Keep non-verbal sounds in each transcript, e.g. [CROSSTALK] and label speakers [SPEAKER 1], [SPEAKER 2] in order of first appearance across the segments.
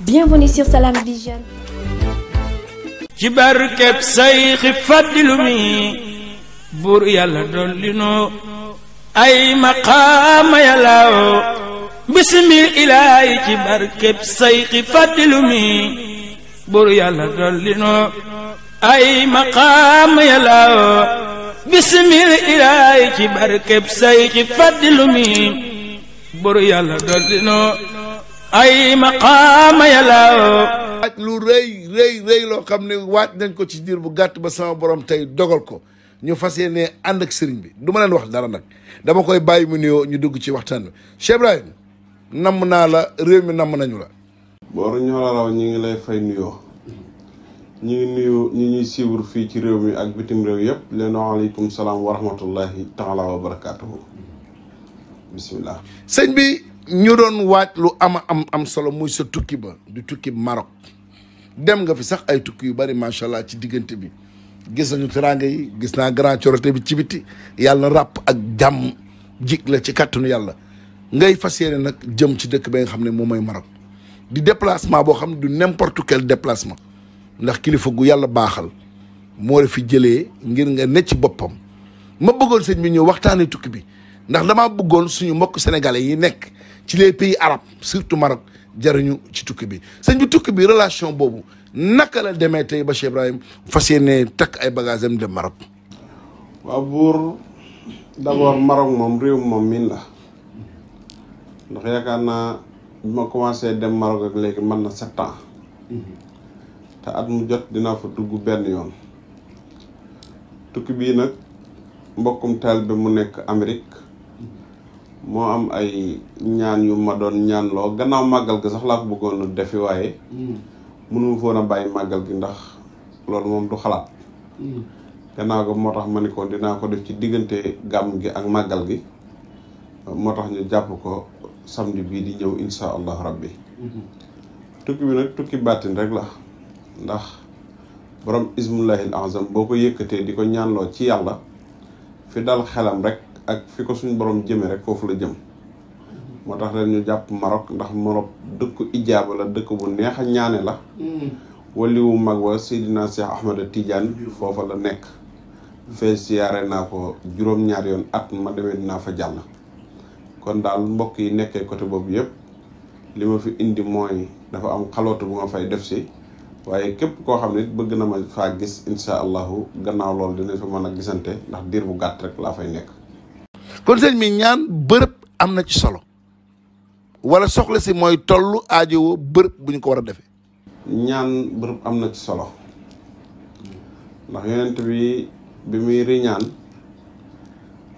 [SPEAKER 1] Bienvenue sur Salam Vision.
[SPEAKER 2] ci barkeb Sayxi Fadilu mi buur yàlla dolli noo ay maqaama yàllaaw bismil ilaahi ci barkeb Sayxi Fadilu mi buur yàlla ay maqaama yàllaaw bismil ilaahi ci barkeb Sayxi Fadilu mi buur yàlla ay maqaama yàllaw waaj lu rëy rëy loo xam ne waaj nañ ko ci diir bu gàtt ba sama borom tey dogal ko ñu fas yéene ànd ak sëriñ bi duma leen wax dara nag dama koy bàyyi mu nuyoo ñu dugg ci waxtaan bi Cheikh Ibrahim namm naa la réew mi namm nañu
[SPEAKER 1] la booru ñoo la raw ñi ngi lay fay nuyoo ñi ñuy suivre fii ci réew mi ak bitim réew yëpp leen waaleykum salaam wa rahmatullahi taala wa barakaatuhu bismillah sëñ bi ñu doon waaj lu ama am am solo
[SPEAKER 2] muy sa tukki ba du tukki Maroc dem nga fi sax ay tukki yu bari macha allah ci diggante bi gis nañu teraanga yi gis naa grand coroté bi ci biti yàlla ràpp ak jàmm jig la ci kàttanu yàlla ngay fas yéene nag jëm ci dëkk ba nga xam ne moom mooy Maroc di déplacement boo xam ne du n'importe quel déplacement ndax kilifa gu yàlla baaxal moo la fi jëlee ngir nga ne ci boppam ma bëggoon sëñ bi ñëw waxtaanee tukki bi ndax damaa bëggoon suñu mbokk sénégalais yi nekk. ci les pays arabes surtout Maroc jariñu ci tukki bi sëñ bi tukki bi relation boobu naka la demee tey ba Cheikh Ibrahim fas
[SPEAKER 1] yéene takk ay bagages dem Maroc. waaw buur d'abord Maroc moom réew moom miin la ndax yaakaar naa bi ma commencé dem Maroc ak léegi mën na sept te at mu jot dinaa fa dugg benn yoon tukki bii nag mbokkum taal bi mu nekk Amérique. moo am ay ñaan yu ma doon ñaanloo loo gannaaw màggal gi sax laa ko bëggoon a defi waaye hmm. mënuma foon a bàyyi màggal gi ndax loolu moom du xalaat hmm. gannaaw ga moo tax ma ni ko dinaa ko def ci diggante gàmm gi ak màggal gi moo tax ñu jàpp ko samedi bii di ñëw insha allahu rabbi hmm. tukki bi nag tukki baatin rek la ndax borom ismullahil azam boo ko yëkkatee di ko ñaanloo ci yàlla fi dal xelam rek ak fi ko suñu boroom jëme rek foofu la jëm moo tax ren ñu jàpp marok ndax Maroc dëkku ijaaba la dëkk bu neex a ñaane la waliwu mag wa Seydina Cheikh Ahmed Tidiane foofa la nekk fee siyaare naa ko juróom-ñaar yoon at ma demee dinaa fa jàll kon daal mbokk yi nekkee côté boobu yëpp li ma fi indi mooy dafa am xalootu bu ma fay def si waaye képp koo xam ne bëgg na ma faa gis insha allahu gannaaw loolu dina fa mën a gisante ndax diir bu gàtt rek laa fay nekk kon sëñ mi ñaan bërëb am na ci solo wala soxla si mooy tollu aajowoo bërëb bu ñu ko war a defee. ñaan bërëb am na ci solo ndax yonent bi bi muy riñaan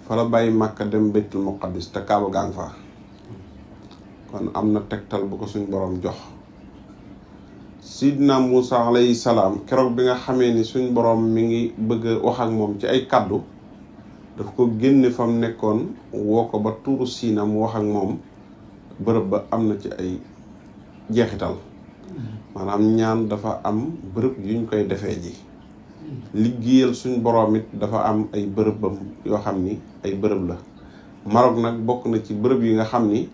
[SPEAKER 1] fa la bàyyi màkka dem Baytul Muqaddis te Kaaba gaa ngi fa kon am na tegtal bu ko suñ borom jox. sidna Moussa alayhi salaam keroog bi nga xamee ni suñ borom mi ngi bëgg a moom ci ay kàddu. daf ko génne fam nekkoon woo ko ba tuuru siina mu wax ak moom bërëb ba am na ci ay jeexital maanaam ñaan dafa am bërëb yuñ koy defee ji liggéeyal suñ boroom it dafa am ay bërëbam xam ni ay bërëb la Maroc nag bokk na ci bërëb yi nga xam ni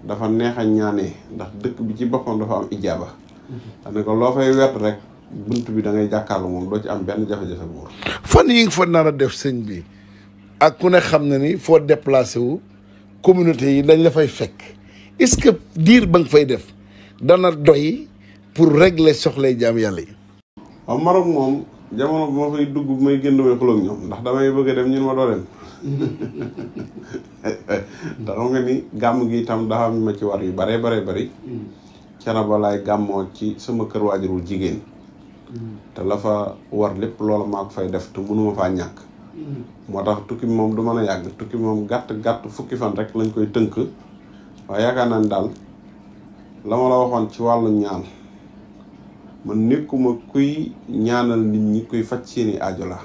[SPEAKER 1] dafa neex a ñaanee ndax dëkk bi ci boppam dafa am ijaaba ne ko loo fay wet rek bunt bi da ngay jàkkaarlu moom doo ci am benn jafe-jafe buur fan yi nga fa nar def sëñ bi ak ku ne xam na ni foo déplacé
[SPEAKER 2] wu communauté yi dañ la fay fekk est-ce que diir ba nga fay def
[SPEAKER 1] dana doy pour régler soxlay jaam yàlla yi. waaw Maroc moom jamono bu ma fay dugg bu may génn may xuloog ñoom ndax damay bëgg a dem ñun ma doo dem te nga ni gàmm gi itam dafa am ma ci war yu bare bare bari Thiénaba laay gàmmoo ci sama kër waajur wu jigéen te la fa war lépp loola maa fay def te mënuma faa ñàkk. Mm. moo tax tukki bi moom du mën a yàgg tukki bi moom gàtt gàtt fukki fan rek lañ koy tënk waaye yaakaar naa daal la ma la waxoon ci wàllu ñaan man nekkuma kuy ñaanal nit ñi kuy faj seeni aajo la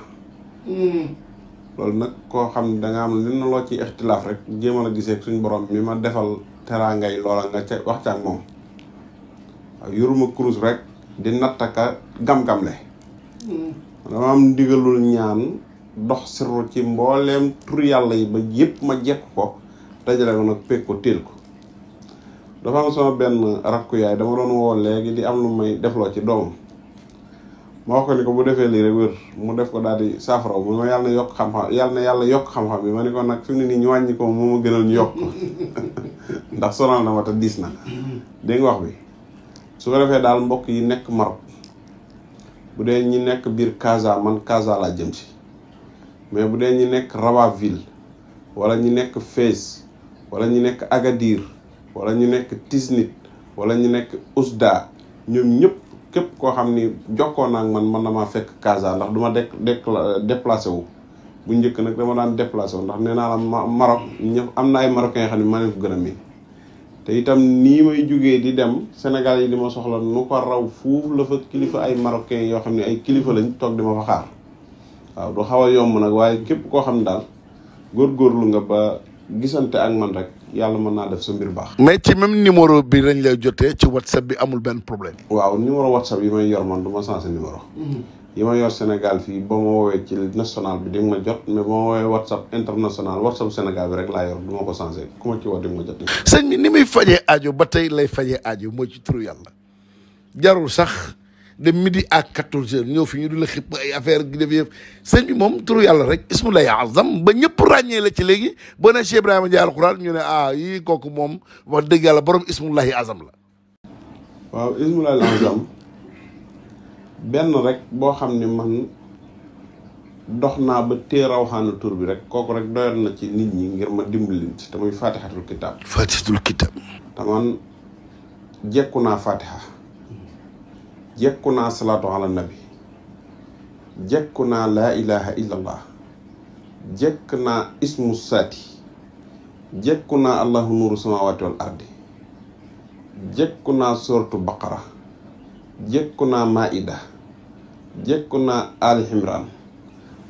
[SPEAKER 1] mm. loolu nag koo xam ne danga am lenn loo ci ixtilaaf rek jéemal a gisee suñ borom mi ma defal teraangay loola nga ca wax ca ak moom waaw yoruma kurus rek di nattaka gam-gamle mm. dama am ndigalul ñaan dox sirru ci mbooleem tur yàlla yi ba yépp ma jekk ko dajale ko nag ko téel benn rakku dama doon woo léegi di am lu may defloo ci doomam ma wax ko bu defee lii rek wér mu def ko daal di saafara mu yàlla na yokk xam na yàlla yokk xam-xam ma ni nag fi mu ñu wàññi ko moo [LAUGHS] ma gënal ñu yokk ndax diis na dégg wax bi su ko defee daal mbokk yi nekk Maroc bu dee ñi nekk biir kaasa man Casa laa jëm si mais bu dee ñi nekk Rabat-Ville wala ñi nekk Fès wala ñu nekk Agadir wala ñu nekk Tiznit wala ñu nekk Oujda ñoom ñëpp képp koo xam ni jokkoo naa ak man mën na maa fekk Casa ndax duma ma de déplacé wu. bu njëkk nag dama daan déplacé wu ndax nee naa la Maroc ñëpp am na ay marokin xam ne maa leen ko gën a miin te itam nii may jugee di dem Sénégal yi di ma soxla nu ko raw fuuf la fa kilifa ay marocains yoo xam ne ay kilifa lañ toog di ma fa xaar. waaw du xaw a yomb nag waaye képp koo xam ne daal góorgóorlu nga ba gisante ak man rek yàlla mën naa def sa mbir baax. mais ci même numéro bi lañ lay jotee ci whatsapp bi amul benn problème. waaw numéro whatsapp yi may yor man du ma sensé numéro. Mhm. yi ma yor Sénégal fii ba ma woowee ci national bi di ma jot mais ba ma woowee whatsapp international whatsapp Sénégal bi rek laa yor du ma ko sensé ku ma ci woo di ma jot. sëñ bi ni
[SPEAKER 2] muy fajee aajo ba tey lay fajee aajo mooy ci turu yàlla jarul sax. de midi à quatorze heures ñëw fi ñu du la xib ay affaire gi def yëpp sëñ bi moom turu yàlla rek ismulahi azam ba ñëpp ràññee la ci léegi boo ne Cheikh Ibrahima Ndiaye alxuraan ñu ne ah yii kooku moom wax dëgg yàlla borom ismulahi azam la
[SPEAKER 1] waaw ismulahi azam benn rek boo xam ne man dox naa ba tee rawxaanu tur bi rek kooku rek doyoon na ci nit ñi ngir ma dimbali ci te muy faatixatul kitaab faatixatul kitaab te man jekku naa faatixa jekku naa salaatu ala nabi jekku naa laa ilaha illallah jekk naa ismu saati jekku naa allahu nuuru samawati wal ardi jekku naa sortu baqara jekku naa maida jekku naa ali ximraan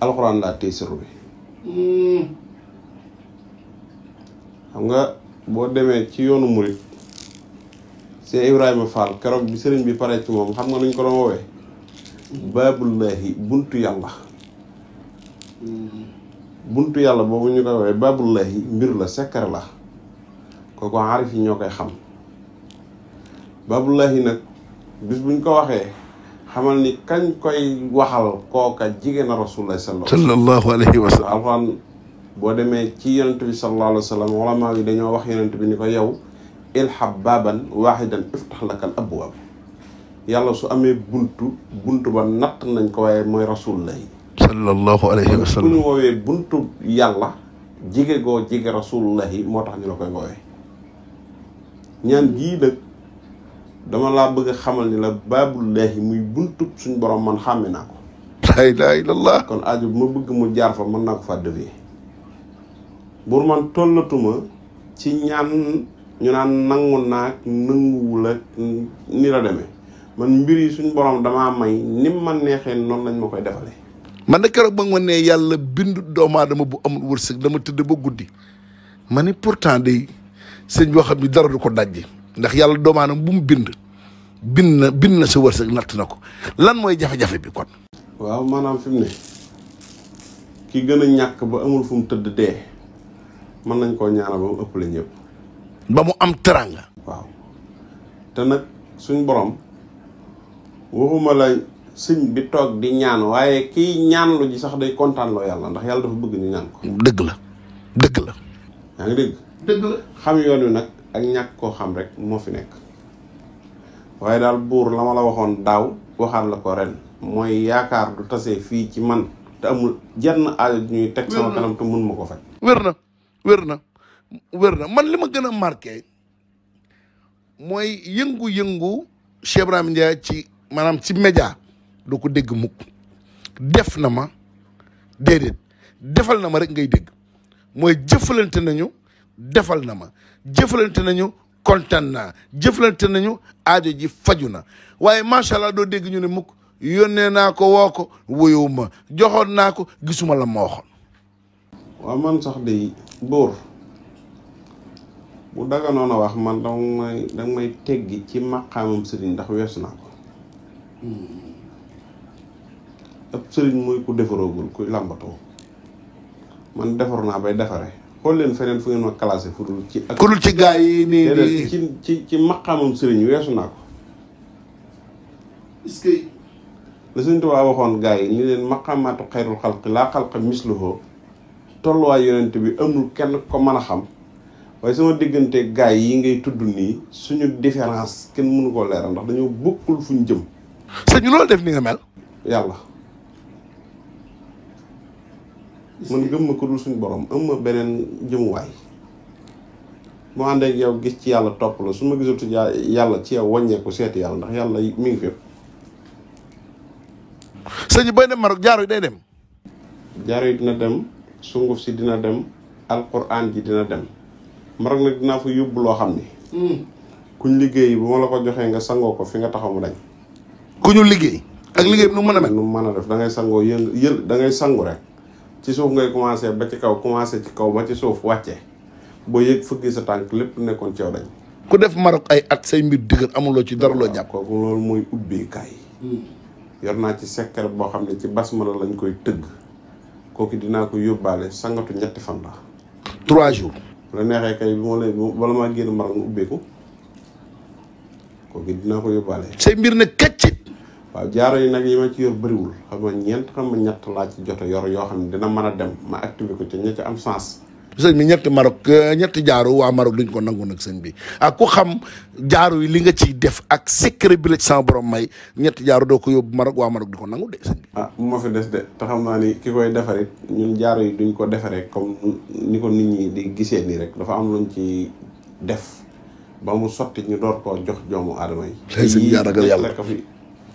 [SPEAKER 1] alxuraan laa tey bi hmm. xam nga boo demee ci yoonu murit Cheikh Ibrahima Fall keroog bi sëriñ bi pare ci moom xam nga ñu ko doon woowee baabullaahi buntu yàlla yàlla boobu ñu koy woowee baabullaahi mbir la sekkar la kooku aarif yi ñoo koy xam baabullaahi nag bis buñ ko waxee xamal ni kañ koy waxal kooka jigéen a rasulullah sallallahu alayhi wa sallam alxuraan boo demee ci yonent bi sallallahu alayhi wa maa yi dañoo wax yonent bi ni ko yow ilhab baaban waaxidan iftax lakal abwaab yàlla su amee bunt bunt ba natt nañ ko waaye mooy rasulullahi sallallahu alayhi wa sallam bu ñu woowee buntu yàlla jige goo jige rasulullahi moo tax ñu la koy woowee ñaan jii nag dama laa bëgg xamal ni la baabullahi muy bunt suñ borom man xàmme naa ko laa ilaaha kon aajo bu ma bëgg mu jaar fa mën naa ko faa defee buur man tollatuma ci ñaan ñu naan nangu naag nanguwul ak ni la demee man mbir yi suñ borom damaa may ni ma neexee noonu lañ ma koy defalee. man de keroog ba ne yàlla bindu doomu bu amul wërsëg dama tëdd ba guddi
[SPEAKER 2] ma ne pourtant day sëñ boo xam ni dara du ko dajji ndax yàlla doomu bu mu bind bind na bind na sa wërsëg natt na ko lan mooy jafe-jafe bi kon. waaw maanaam fi
[SPEAKER 1] ne ki gën a ñàkk ba amul fu mu tëdd dee mën nañ koo ñaanal ba mu ëppale ñëpp. ba mu am teraanga. waaw te nag suñ borom waxuma la sëñ bi toog di ñaan waaye kiy ñaanlu ji sax day kontaan loo yàlla ndax yàlla dafa bëgg ñu ñaan ko. dëgg la dëgg la. yaa dëgg xam yoon wi nag ak ñàkk koo xam rek moo fi nekk waaye daal buur la ma la waxoon daaw waxaat la ko ren mooy yaakaar du tase fii ci man te amul jenn aajo ñuy teg sama kanam te mun ma ko faj. wér na wér na.
[SPEAKER 2] wér na man li ma gën a marqué mooy yëngu-yëngu Cheikh Ibrahima ci maanaam ci média doo ko dégg mukk def na ma déedéet defal na ma rek ngay dégg mooy jëfalante nañu defal na ma jëfalante nañu kontaan naa jëfalante nañu aajo ji faju na waaye macha allah doo dégg ñu ne mukk yónnee naa ko woo ko
[SPEAKER 1] joxoon naa ko gisuma la ma waxoon man sax day buur bu daganoon a wax man danga may danga teggi ci maqaamam sëriñ ndax weesu naa ko hmm. ab sëriñ mooy ku defaroogul kuy làmbatoo man defar naa bay defare xool leen feneen fu ngeen ma classé fu dul ci ci gaa yi nii sëriñ weesu naa ko la Sëriñ waxoon gaa ni leen maqaamaatu xayrul xalqi laa xalqa misluhu tolluwaay yonent bi amul kenn ko mën a xam waaye sama diggante gaa yi ngay tudd nii suñu différence kenn mënu koo leeral ndax dañoo bokkul fuñ jëm. sëñ loolu def ni nga mel. yàlla man gëm ma ko suñu borom am beneen jëmuwaay mu ànd ak yow gis ci yàlla topp la su ma gisatu yàlla ci yow wàññeeku seeti yàlla ndax yàlla mi ngi fépp. sëñ bi booy dem Maroc jaaro yi day dem. jaaro yi dina dem sunguf si dina dem alquran ji dina dem. Maroc nag dinaa fa yóbbu loo xam ni. Hmm. kuñ liggéey bu ma la ko joxee nga sangoo ko fi nga taxaw mu dañ. ku ñu liggéey. ak liggéey bi nu mën a mel. nu mën a def da ngay sangoo yëng yël da ngay sangu rek ci suuf ngay commencé ba ci kaw commencé ci kaw ba ci suuf wàcce boo yëg fëggi sa tànk lépp nekkoon ci yow dañ. ku def Maroc ay at say mbir dëgër amuloo ci dara loo jàpp. kooku loolu mooy ubbeekaay. Hmm. naa ci secret boo xam ne ci basmala lañ koy tëgg kooku dinaa ko yóbbaale sangatu ñetti fan la. trois jours. bu la neexee kay bi ma lay bala maa génn mbaram nga ubbeeku kooku dinaa ko yóbbaale. say mbir nag kàccit. waaw jaaro yi nag yi ma ci yor bëriwul xam ñeent xam nga ñett laa ci jot a yor yoo xam ne dina mën a dem ma activé ko ca ña ca am sens. sëñ bi ñetti Maroc
[SPEAKER 2] euh, ñetti jaaru waa Maroc duñ ko nangu nag sëñ bi ak ku xam jaaru yi li nga ciy def ak secret bi la ci borom may ñetti jaaru
[SPEAKER 1] doo ko yóbbu Maroc waa Maroc di ko nangu de sëñ bi. ah bu ma fi des de te xam naa ni ki koy ñun jaaru yi duñ ko defaree comme ni ko nit ñi di gisee nii rek dafa am luñ ci def ba mu sotti ñu door koo jox joomu aadama yi. tey sëñ yàlla ko fi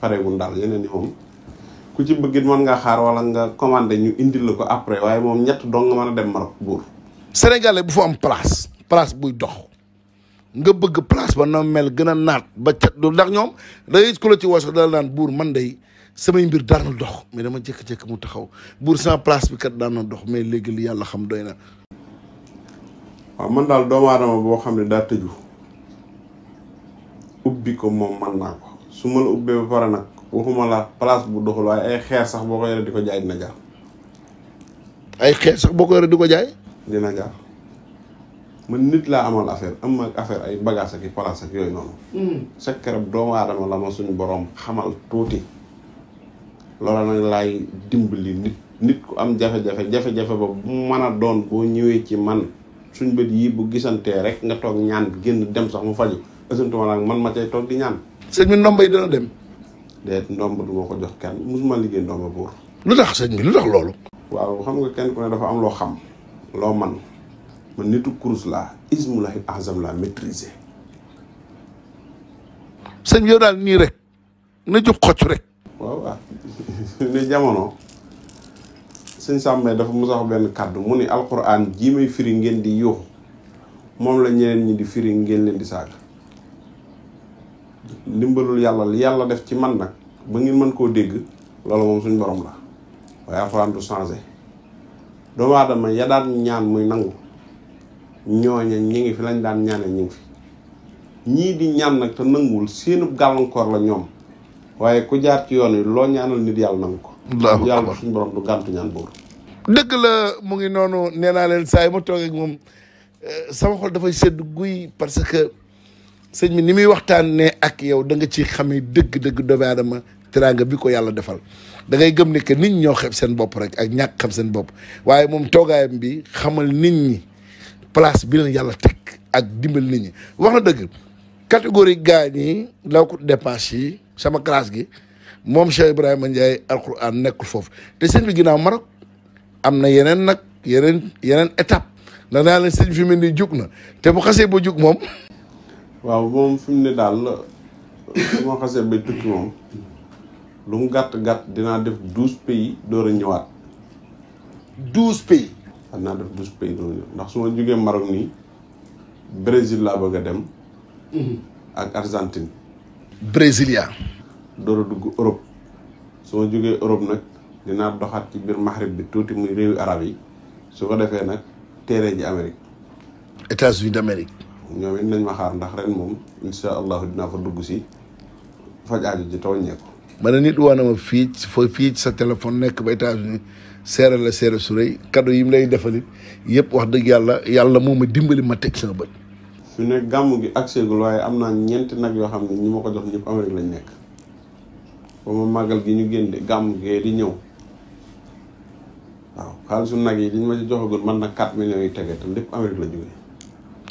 [SPEAKER 1] pareegul daal yeneen yi moom. ku ci bëggit mën nga xaar wala nga commandé ñu indil la ko après waaye moom ñett dong man mën a dem Maroc buur sénégalais bu fa
[SPEAKER 2] am place place buy dox nga bëgg place ba na mel gën a naat ba cat ñoom day la ci woo sax dala buur man day samay mbir daan dox mais dama jékki-jékki mu taxaw buur sans place bi kat daan dox mais léegi li yàlla xam doy na.
[SPEAKER 1] waaw man boo xam ne daa tëju ubbi ko su ma la ubbee ba pare nag waxuma la place bu doxul waaye ay xeer sax boo ko yore di ko jaay dina jaar. ay xeer sax boo ko yore di ko jaay. dina gaar man nit laa amal affaire am ak affaire ay bagage ak i place ak yooyu noonu. Hmm. sekkerab doomu aadama la ma suñu boroom xamal tuuti. loola nag laay dimbali nit nit ku am jafe-jafe jafe-jafe ba bu mën a doon boo ñëwee ci man suñ bët yii bu gisantee rek nga toog ñaan génn dem sax mu faju ësantuma nag man ma cay toog di ñaan. sëñ bi ndomba yi dana dem. déet ndomba du ma ko jox kenn musuma liggéey ndomba buur. lu tax sëñ bi lu tax loolu. waaw xam nga kenn ku ne dafa am loo xam. loo man man nitu kurus laa ismulahi azam laa maîtriser sëñ yow daal nii rek na jub xocc rek waaw [LAUGHS] ni jamono sëñ sàmmee dafa mos a benn kàddu mu ni alquran jii may firi ngeen di yuuxu moom la ñeneen ñi di firi ngeen leen di saaga ndimbalul yàlla li yàlla def ci man nag ba ngeen mën koo dégg loolu moom suñ borom la waaye alquran du doomu aadama ya daan ñaan muy nangu ñooña ñi fi lañ daan ñaane ñi fi ñii di ñaan nag te nanguwul seenub gàllankoor la ñoom waaye ku jaar ci yoon wi loo ñaanal nit yàlla nangu ko yàlla suñu borom du gàntu ñaan boobu
[SPEAKER 2] dëgg la mu ngi noonu nee naa leen saa yi ma toog moom eh, sama xol dafay sedd guy parce que sëñ mi ni muy waxtaan ne ak yow da nga ci xamee dëgg-dëgg doomu aadama teraanga bi ko yàlla defal da ngay gëm ne que nit ñoo xam seen bopp rek ak ñàkk xam seen bopp waaye moom toogaayam bi xamal nit ñi place bi leen yàlla teg ak dimbal nit ñi wax na dëgg catégorie gaa ñi law ko dépense yi sama classe gi moom Cheikh Ibrahima Ndiaye alquran nekkul foofu te sëñ bi ginnaaw Maroc am na yeneen nag yeneen yeneen étape ndax naa leen sëñ fi mel ni jug na
[SPEAKER 1] te bu xasee b jug moom waaw moom fim mu ne daal su ma xasee bay tukki moom lu mu gàtt gàtt dinaa def douze pays door a ñëwaat. douze pays. dinaa def douze pays door a ñëw ndax su ma jógee Maroc nii Brésil laa bëgg a dem. Mm-hmm. ak Argentine. Brésilien. door a dugg Europe su ma jógee Europe nag dinaa doxaat ci biir Maghreb bi tuuti muy réewi arab yi su ko defee nag teeree ji Amérique. États-Unis d'Amérique. ñoom it nañ ma xaar ndax ren moom insha allahu dinaa fa dugg si faj aaju ji tooññeeku
[SPEAKER 2] ma ne nit waana ma fii fa fii sa téléphone nekk ba États-Unis seere la seere su rëy yi mu lay defalit yëpp wax dëgg yàlla yàlla moom ma dimbali ma teg sama bët
[SPEAKER 1] fi ne gàmm gi agseegul waaye am na ñeenti nag yoo xam ne ñi ma ko jox ñëpp Amérique lañ nekk ba ma màggal gi ñu génn gàmm gee di ñëw waaw xaalisu nag yi liñ ma ci joxagul man na 4 millions yi tege te lépp Amérique la jógee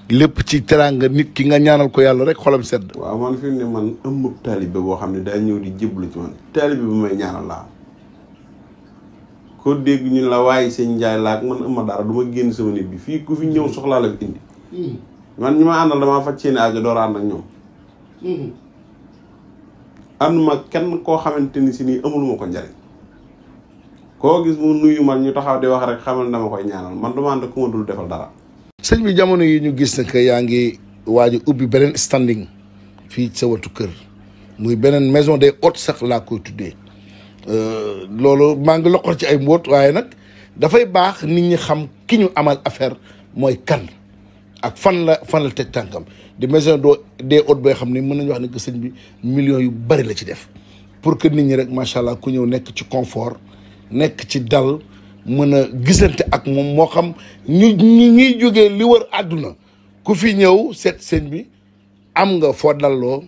[SPEAKER 1] lépp ci teraanga nit ki nga ñaanal ko yàlla rek xolam sedd. waaw man fi ne man ëmmub taalibe boo xam ne daa ñëw di jébbalu ci man taalibe bu may ñaanal laa ko dégg ñu la waaye sëñ Njaay laa ak man ëmma dara du génn sama nit bi fii ku fi ñëw soxlaa la fi indi. Hmm. man ñi ma àndal damaa faj seeni aajo door ànd ak ñoom. am hmm. kenn koo xamante ni si nii amuluma ko njariñ koo gis mu nuyu man ñu taxaw di wax rek xamal na ma koy ñaanal man du ma ànd dul defal dara. sëñ bi
[SPEAKER 2] jamono yi ñu gis ne que yaa ngi waaj ubbi beneen standing fii sa watu kër muy beneen maison des hôtes sax laa koy tuddee euh, loolu maa ngi loqal ci ay mbóot waaye nag dafay baax nit ñi xam ki ñu amal affaire mooy kan ak fan la fan la teg tànkam di maison de hôtes boo xam ne mën nañu wax ne que sëñ bi million yu bari la ci def pour que nit ñi rek macha allah ku ñëw nekk ci confort nekk ci dal. mën a gisante ak moom moo xam ñu ñu ñuy jógee li wër àdduna ku fi ñëw seet sëñ bi am nga foo dalloo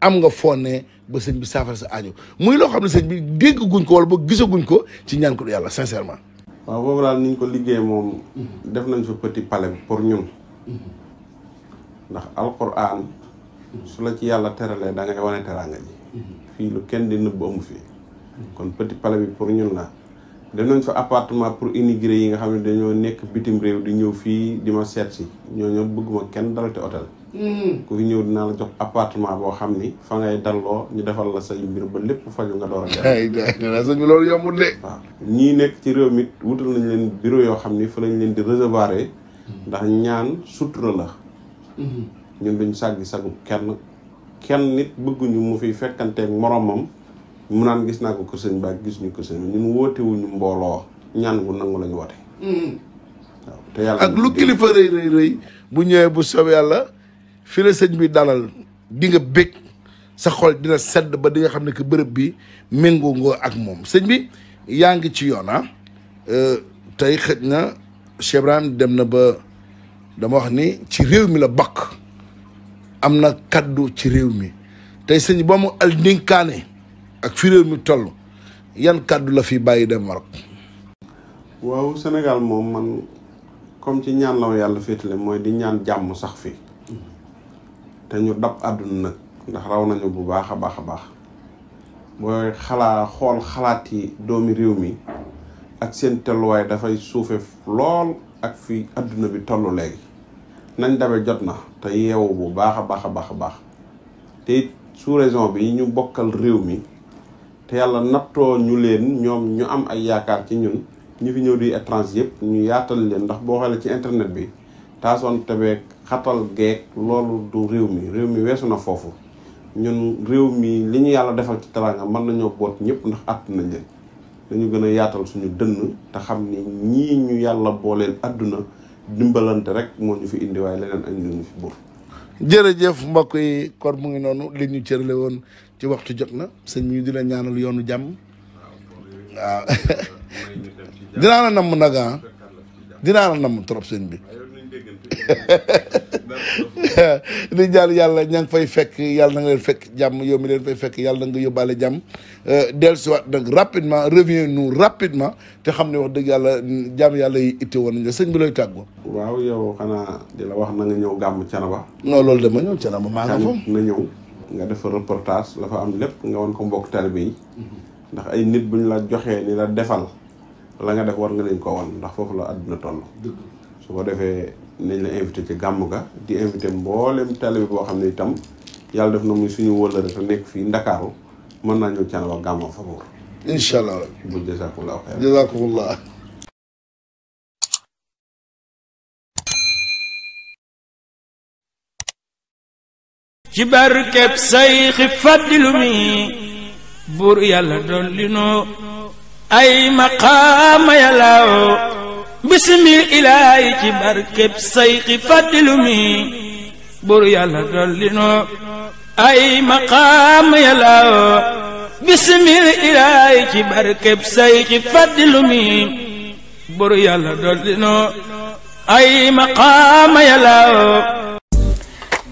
[SPEAKER 2] am nga foo ne ba sëñ bi saafara sa aajo muy loo xam ne sëñ bi dégg guñ ko wala ba gisaguñ ko ci ñaan ko du yàlla sincèrement.
[SPEAKER 1] waaw boobu daal ni ko liggéey moom. Mm-hmm. def nañ fa petit palais pour ñun. Mm-hmm. ndax alquran su la ci yàlla teralee da ngay wane teraanga mm-hmm. fi. kon petit palais bi pour ñun la. dem nañ fa appartement pour immigré yi nga xam ne dañoo nekk bitim réew di ñëw fii di ma seet si ñooñu bëgguma kenn dalate hôtel. Hmm. ku fi ñëw dinaa la jox appartement boo xam ni fa ngay dalloo ñu defal la say mbir ba lépp faju nga door a def. ay ay sëñ bi loolu yombul de. waaw ñii nekk ci réew mi wutal nañ leen bureau yoo xam ni fa lañ leen di réservoir hmm. ndax ñaan sutura la. Hmm. ñun duñ sàggi sagu kenn kenn nit bëgguñu mu fi fekkanteeg moromam. mu naan gis naa ko kër Ba gis ñu kër sëñ ñun woote wuñu mbooloo ñaan gu nangu lañu woote. Mm-hmm. waaw ak lu kilifa rëy rëy
[SPEAKER 2] bu ñëwee bu soobee yàlla fi la sëñ bi dalal di nga bég sa xool dina sedd ba di xam ne que bërëb bi méngoo ngoo ak moom sëñ bi yaa ngi ci yoon ah euh, tey xëj na Cheikh dem na ba dama wax ni ci réew mi la bakk am na kaddu ci réew mi tey sëñ ba mu al ndénkaane ak fi réew mi toll yan kàddu la fi bàyyi dem Maroc.
[SPEAKER 1] waaw senegal moom man comme ci ñaan la yàlla féetale mooy di ñaan jàmm sax fi te ñu dab àdduna nag ndax raw nañu bu baax a baax a baax booy xalaa xool xalaat yi doomi réew mi ak seen telluwaay dafay suufe lool ak fi àdduna bi tollu léegi nañ dabe jot na te yeewu bu baax a baax a baax a baax te sous-région bi ñu bokkal réew mi te yàlla nattoo ñu leen ñoom ñu am ay yaakaar ci ñun ñu fi ñëw di étranger yëpp ñu yaatal leen ndax boo xoolee ci internet bi taasoon tebeeg xatal geek loolu du réew mi réew mi weesu na foofu ñun réew mi li ñu yàlla defal ci teraanga mën nañoo boot ñëpp ndax àdduna nañ leen dañu gën a yaatal suñu dënn te xam ni ñii ñu yàlla booleel àdduna dimbalante rek moo ñu fi indi waaye leneen añ ñu fi buur
[SPEAKER 2] jërëjëf mbokk yi kon mu ngi noonu li ñu cërale woon ci waxtu jot na sëñ bi di la ñaanal yoonu jàmm waaw [LAUGHS] dinaa la namm nag a ah. dinaa la namm trop sëñ bi [LAUGHS] di jàll yàlla ña ngi fay fekk yàlla na nga fekk jàmm yow mi leen fay fekk yàlla na nga yóbbaale jàmm euh, dellusiwaat nag rapidement revient nous rapidement te xam ne wax dëgg yàlla jàmm yàlla it woon nga sëñ bi looy tàggoo.
[SPEAKER 1] waaw yow xanaa di la wax na nga ñëw gàmm canaba. non loolu dama ñëw canaba maa nga fa. na ñëw. nga def reportage la fa am lépp nga wan ko mbokk talibé yi ndax ay nit bu ñu la joxee ni la defal la nga def war nga leen ko wan ndax foofu la àdduna toll su ko defee nañ la invité ci gàmm ga di invité mboolem talibé boo xam ne itam yàlla def na muy suñu wëllëre def nekk fii ndakaaru mën naa ñëw Thiénaba gàmmoo fa buur incha allah buñ jazakumullah
[SPEAKER 2] ci barkeb sayxi fàddilu mi buur yàlla dolli noo ay maqaama yàllaaw bisimil ilaahi ci barkeb sayxi fàddilu mi buur yàlla dolli noo ay maqaama yàllaaw bisimil ilaahi ci barkeb sayxi fàddilu mi buur yàlla dolli noo ay maqaama yàllaaw